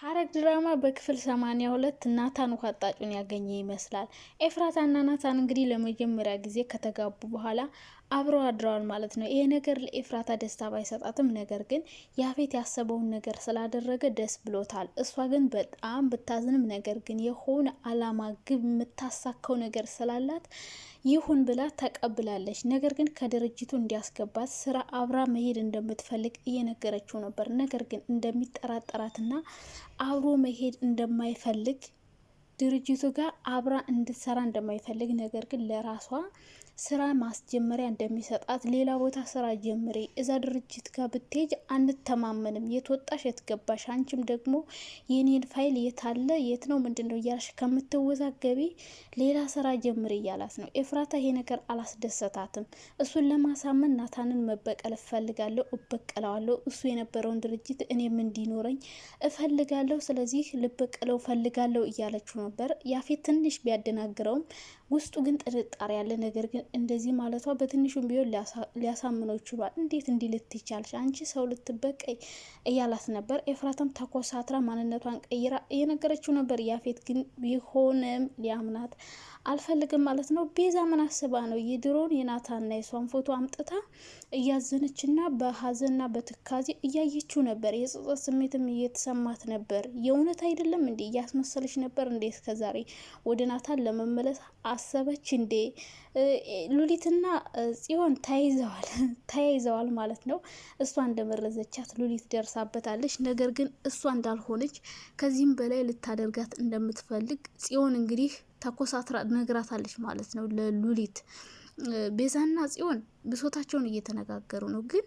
ሐረግ ድራማ በክፍል 82 ናታን ውሃ አጣጩን ያገኘ ይመስላል። ኤፍራታና ናታን እንግዲህ ለመጀመሪያ ጊዜ ከተጋቡ በኋላ አብረው አድረዋል ማለት ነው። ይሄ ነገር ለኤፍራታ ደስታ ባይሰጣትም፣ ነገር ግን ያፌት ያሰበውን ነገር ስላደረገ ደስ ብሎታል። እሷ ግን በጣም ብታዝንም፣ ነገር ግን የሆነ አላማ ግብ የምታሳካው ነገር ስላላት ይሁን ብላ ተቀብላለች። ነገር ግን ከድርጅቱ እንዲያስገባት ስራ አብራ መሄድ እንደምትፈልግ እየነገረችው ነበር። ነገር ግን እንደሚጠራጠራትና አብሮ መሄድ እንደማይፈልግ ድርጅቱ ጋር አብራ እንድትሰራ እንደማይፈልግ ነገር ግን ለራሷ ስራ ማስጀመሪያ እንደሚሰጣት ሌላ ቦታ ስራ ጀምሬ እዛ ድርጅት ጋር ብትሄጅ አንተማመንም፣ የት ወጣሽ የት ገባሽ፣ አንቺም ደግሞ የኔን ፋይል የት አለ የት ነው ምንድን ነው እያልሽ ከምትወዛገቢ ሌላ ስራ ጀምሬ እያላት ነው። ኤፍራታ ይሄ ነገር አላስደሰታትም። እሱን ለማሳመን ናታንን መበቀል እፈልጋለሁ፣ እበቀለዋለሁ። እሱ የነበረውን ድርጅት እኔም እንዲኖረኝ እፈልጋለሁ። ስለዚህ ልበቀለው እፈልጋለሁ እያለችው ነበር። ያፌት ትንሽ ቢያደናግረውም ውስጡ ግን ጥርጣሬ ያለ ነገር ግን እንደዚህ ማለቷ በትንሹም ቢሆን ሊያሳምነው ይችሏል። እንዴት እንዲህ ልትይ አንቺ ሰው ልትበቅ እያላት ነበር። ኤፍራታም ተኮሳትራ ማንነቷን ቀይራ እየነገረችው ነበር። ያፌት ግን ቢሆንም ሊያምናት አልፈልግም ማለት ነው። ቤዛ ምን አስባ ነው የድሮን የናታና የሷን ፎቶ አምጥታ እያዘነችና በሀዘንና በትካዜ እያየችው ነበር። የጸጸት ስሜትም እየተሰማት ነበር። የእውነት አይደለም እንዴ እያስመሰለች ነበር እንዴ እስከዛሬ ወደ ናታን ለመመለስ አሰበች እንዴ? ሉሊትና ጽዮን ተያይዘዋል ተያይዘዋል ማለት ነው። እሷ እንደመረዘቻት ሉሊት ደርሳበታለች። ነገር ግን እሷ እንዳልሆነች ከዚህም በላይ ልታደርጋት እንደምትፈልግ ጽዮን እንግዲህ ተኮሳትራ ነግራታለች ማለት ነው ለሉሊት። ቤዛና ጽዮን ብሶታቸውን እየተነጋገሩ ነው። ግን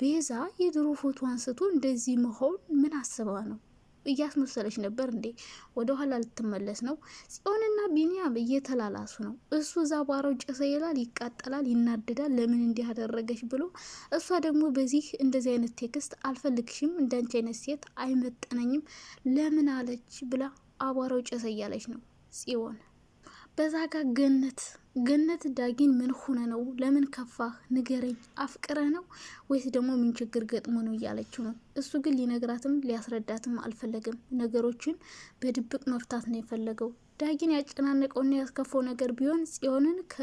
ቤዛ የድሮ ፎቶ አንስቶ እንደዚህ መሆን ምን አስባ ነው? እያስመሰለች ነበር እንዴ? ወደኋላ ልትመለስ ነው። ጽዮንና ቢኒያም እየተላላሱ ነው። እሱ እዛ ባረው ጭሰ ይላል፣ ይቃጠላል፣ ይናደዳል። ለምን እንዲህ አደረገች ብሎ እሷ ደግሞ በዚህ እንደዚህ አይነት ቴክስት አልፈልግሽም፣ እንዳንቺ አይነት ሴት አይመጠነኝም፣ ለምን አለች ብላ አቧራው ጭሰ እያለች ነው ጽዮን በዛ ጋር ገነት ገነት ዳጊን ምን ሆነ ነው? ለምን ከፋህ? ንገረኝ። አፍቅረ ነው ወይስ ደግሞ ምን ችግር ገጥሞ ነው እያለችው ነው። እሱ ግን ሊነግራትም ሊያስረዳትም አልፈለገም። ነገሮችን በድብቅ መፍታት ነው የፈለገው። ዳጊን ያጨናነቀውና ያስከፈው ነገር ቢሆን ጽዮንን ከ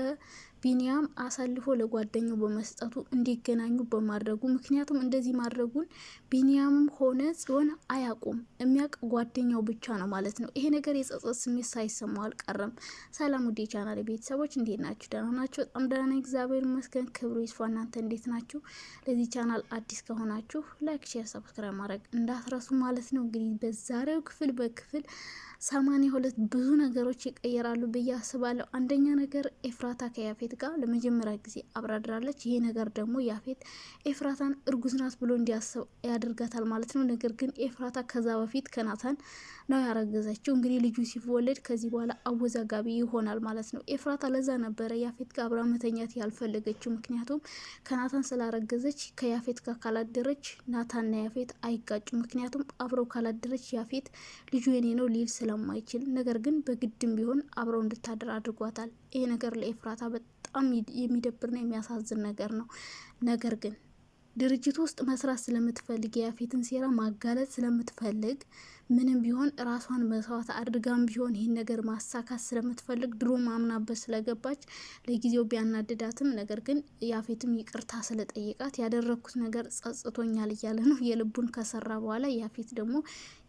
ቢኒያም አሳልፎ ለጓደኛው በመስጠቱ እንዲገናኙ በማድረጉ ምክንያቱም እንደዚህ ማድረጉን ቢኒያምም ሆነ ጽዮን አያውቁም። የሚያውቅ ጓደኛው ብቻ ነው ማለት ነው። ይሄ ነገር የጸጸት ስሜት ሳይሰማው አልቀረም። ሰላም ውዴ ቻናል ቤተሰቦች እንዴት ናችሁ? ደህና ናቸው። በጣም ደህና ነኝ፣ እግዚአብሔር ይመስገን። ክብሩ ይስፋ። እናንተ እንዴት ናችሁ? ለዚህ ቻናል አዲስ ከሆናችሁ ላይክ፣ ሼር፣ ሰብስክራይብ ማድረግ እንዳትረሱ ማለት ነው። እንግዲህ በዛሬው ክፍል በክፍል ሰማንያ ሁለት ብዙ ነገሮች ይቀየራሉ ብዬ አስባለሁ። አንደኛ ነገር ኤፍራታ ከያፌ ከያፌት ጋር ለመጀመሪያ ጊዜ አብራ አድራለች። ይሄ ነገር ደግሞ ያፌት ኤፍራታን እርጉዝ ናት ብሎ እንዲያስብ ያደርጋታል ማለት ነው። ነገር ግን ኤፍራታ ከዛ በፊት ከናታን ነው ያረገዘችው። እንግዲህ ልጁ ሲወለድ ከዚህ በኋላ አወዛጋቢ ይሆናል ማለት ነው። ኤፍራታ ለዛ ነበረ ያፌት ጋር አብራ መተኛት ያልፈለገችው። ምክንያቱም ከናታን ስላረገዘች ከያፌት ጋር ካላደረች ናታንና ያፌት አይጋጩ። ምክንያቱም አብረው ካላደረች ያፌት ልጁ የኔ ነው ሊል ስለማይችል ነገር ግን በግድም ቢሆን አብረው እንድታደር አድርጓታል። ይሄ ነገር ለኤፍራታ በጣም የሚደብርና የሚያሳዝን ነገር ነው። ነገር ግን ድርጅት ውስጥ መስራት ስለምትፈልግ የያፌትን ሴራ ማጋለጥ ስለምትፈልግ ምንም ቢሆን ራሷን መስዋዕት አድርጋም ቢሆን ይህን ነገር ማሳካት ስለምትፈልግ ድሮ ማምናበት ስለገባች ለጊዜው ቢያናድዳትም፣ ነገር ግን ያፌትም ይቅርታ ስለጠየቃት ያደረግኩት ነገር ጸጽቶኛል እያለ ነው። የልቡን ከሰራ በኋላ ያፌት ደግሞ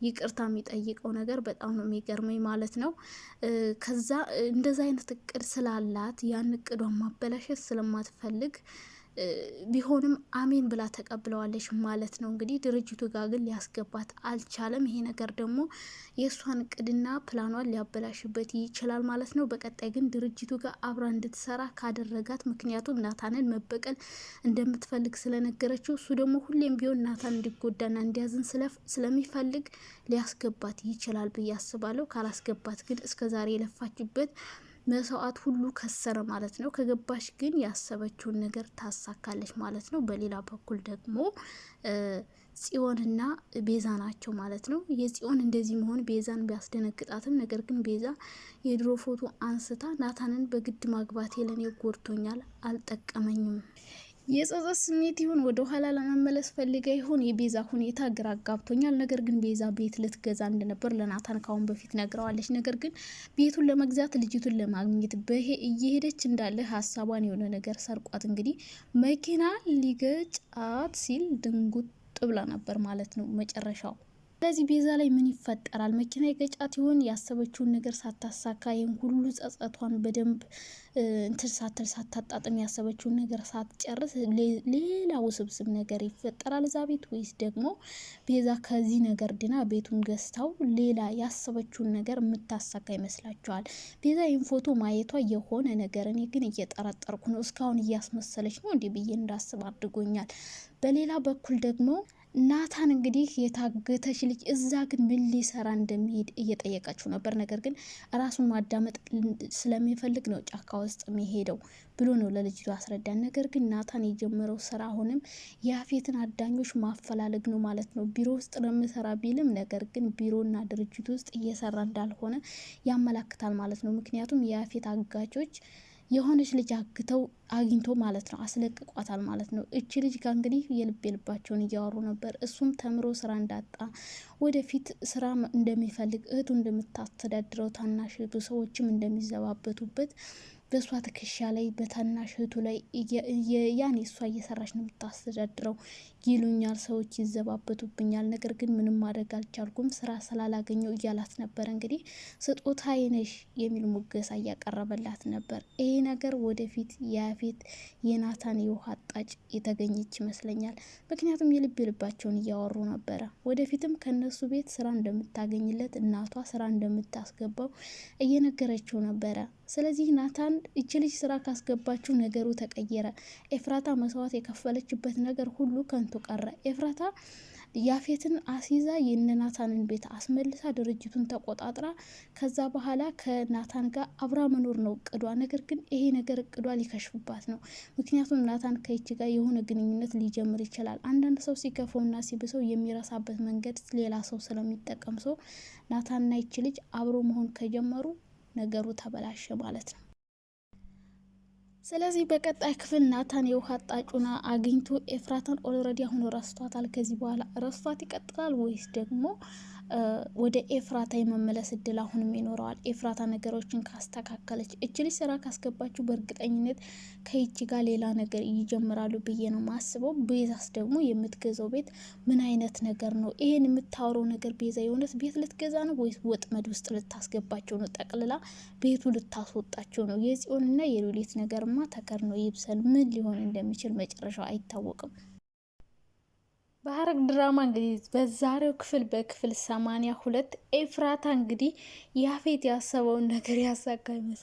ይቅርታ የሚጠይቀው ነገር በጣም ነው የሚገርመኝ ማለት ነው። ከዛ እንደዛ አይነት እቅድ ስላላት ያን እቅዷን ማበላሸት ስለማትፈልግ ቢሆንም አሜን ብላ ተቀብለዋለች ማለት ነው። እንግዲህ ድርጅቱ ጋር ግን ሊያስገባት አልቻለም። ይሄ ነገር ደግሞ የእሷን እቅድና ፕላኗን ሊያበላሽበት ይችላል ማለት ነው። በቀጣይ ግን ድርጅቱ ጋር አብራ እንድትሰራ ካደረጋት፣ ምክንያቱም ናታንን መበቀል እንደምትፈልግ ስለነገረችው እሱ ደግሞ ሁሌም ቢሆን ናታን እንዲጎዳና እንዲያዝን ስለሚፈልግ ሊያስገባት ይችላል ብዬ አስባለሁ። ካላስገባት ግን እስከዛሬ የለፋችበት መስዋዕት ሁሉ ከሰረ ማለት ነው። ከገባሽ ግን ያሰበችውን ነገር ታሳካለች ማለት ነው። በሌላ በኩል ደግሞ ጽዮንና ቤዛ ናቸው ማለት ነው። የጽዮን እንደዚህ መሆን ቤዛን ቢያስደነግጣትም ነገር ግን ቤዛ የድሮ ፎቶ አንስታ ናታንን በግድ ማግባት ለኔ ጎድቶኛል፣ አልጠቀመኝም የጸጸት ስሜት ይሁን ወደ ኋላ ለመመለስ ፈልጋ ይሁን የቤዛ ሁኔታ ግራ አጋብቶኛል። ነገር ግን ቤዛ ቤት ልትገዛ እንደነበር ለናታን ካሁን በፊት ነግረዋለች። ነገር ግን ቤቱን ለመግዛት ልጅቱን ለማግኘት በሄ እየሄደች እንዳለ ሀሳቧን የሆነ ነገር ሰርቋት እንግዲህ መኪና ሊገጫት ሲል ድንጉጥ ብላ ነበር ማለት ነው መጨረሻው ስለዚህ ቤዛ ላይ ምን ይፈጠራል? መኪና የገጫት ይሆን? ያሰበችውን ነገር ሳታሳካ ይህን ሁሉ ጸጸቷን በደንብ እንትን ሳትል ሳታጣጥም ያሰበችውን ነገር ሳትጨርስ ሌላ ውስብስብ ነገር ይፈጠራል እዛ ቤት ወይስ ደግሞ ቤዛ ከዚህ ነገር ድና ቤቱን ገዝታው ሌላ ያሰበችውን ነገር የምታሳካ ይመስላችኋል? ቤዛ ይህን ፎቶ ማየቷ የሆነ ነገር እኔ ግን እየጠረጠርኩ ነው። እስካሁን እያስመሰለች ነው እንዲህ ብዬ እንዳስብ አድርጎኛል። በሌላ በኩል ደግሞ ናታን እንግዲህ የታገተች ልጅ እዛ ግን ምን ሊሰራ እንደሚሄድ እየጠየቀችው ነበር። ነገር ግን ራሱን ማዳመጥ ስለሚፈልግ ነው ጫካ ውስጥ የሚሄደው ብሎ ነው ለልጅቱ አስረዳን። ነገር ግን ናታን የጀመረው ስራ አሁንም የአፌትን አዳኞች ማፈላለግ ነው ማለት ነው። ቢሮ ውስጥ ነው የምሰራ ቢልም ነገር ግን ቢሮና ድርጅት ውስጥ እየሰራ እንዳልሆነ ያመላክታል ማለት ነው። ምክንያቱም የአፌት አጋቾች የሆነች ልጅ አግተው አግኝቶ ማለት ነው አስለቅቋታል ማለት ነው። እች ልጅ ጋር እንግዲህ የልብ የልባቸውን እያወሩ ነበር። እሱም ተምሮ ስራ እንዳጣ ወደፊት ስራ እንደሚፈልግ እህቱ እንደምታስተዳድረው ታናሽ እህቱ ሰዎችም እንደሚዘባበቱበት በእሷ ትከሻ ላይ በታናሽ እህቱ ላይ ያኔ እሷ እየሰራች ነው የምታስተዳድረው ይሉኛል፣ ሰዎች ይዘባበቱብኛል፣ ነገር ግን ምንም ማድረግ አልቻልኩም ስራ ስላላገኘው እያላት ነበር። እንግዲህ ስጦታ አይነሽ የሚል ሙገሳ እያቀረበላት ነበር። ይሄ ነገር ወደፊት የያፌት የናታን የውሃ አጣጭ የተገኘች ይመስለኛል። ምክንያቱም የልብ የልባቸውን እያወሩ ነበረ። ወደፊትም ከነሱ ቤት ስራ እንደምታገኝለት እናቷ ስራ እንደምታስገባው እየነገረችው ነበረ። ስለዚህ ናታን ዘንድ እች ልጅ ስራ ካስገባችው ነገሩ ተቀየረ። ኤፍራታ መስዋዕት የከፈለችበት ነገር ሁሉ ከንቱ ቀረ። ኤፍራታ ያፌትን አስይዛ የነናታንን ቤት አስመልሳ ድርጅቱን ተቆጣጥራ ከዛ በኋላ ከናታን ጋር አብራ መኖር ነው እቅዷ። ነገር ግን ይሄ ነገር እቅዷ ሊከሽፍባት ነው። ምክንያቱም ናታን ከይቺ ጋር የሆነ ግንኙነት ሊጀምር ይችላል። አንዳንድ ሰው ሲከፈውና ሲብሰው የሚረሳበት መንገድ ሌላ ሰው ስለሚጠቀም ሰው ናታንና ይቺ ልጅ አብሮ መሆን ከጀመሩ ነገሩ ተበላሸ ማለት ነው። ስለዚህ በቀጣይ ክፍል ናታን የውሃ አጣጩና አግኝቶ ኤፍራታን ኦልሬዲ አሁን ረስቷታል። ከዚህ በኋላ ረስቷት ይቀጥላል ወይስ ደግሞ ወደ ኤፍራታ የመመለስ እድል አሁንም ይኖረዋል። ኤፍራታ ነገሮችን ካስተካከለች ልጅ ስራ ካስገባችሁ በእርግጠኝነት ከይቺ ጋር ሌላ ነገር ይጀምራሉ ብዬ ነው ማስበው። ቤዛስ ደግሞ የምትገዛው ቤት ምን አይነት ነገር ነው? ይሄን የምታወረው ነገር ቤዛ የሆነት ቤት ልትገዛ ነው ወይስ ወጥመድ ውስጥ ልታስገባቸው ነው? ጠቅልላ ቤቱ ልታስወጣቸው ነው? የጽዮንና የሉሊት ነገርማ ተከር ነው ይብሰል። ምን ሊሆን እንደሚችል መጨረሻው አይታወቅም። ሐረግ ድራማ እንግዲህ በዛሬው ክፍል በክፍል ሰማንያ ሁለት ኤፍራታ እንግዲህ ያፌት ያሰበውን ነገር ያሳካ ይመስል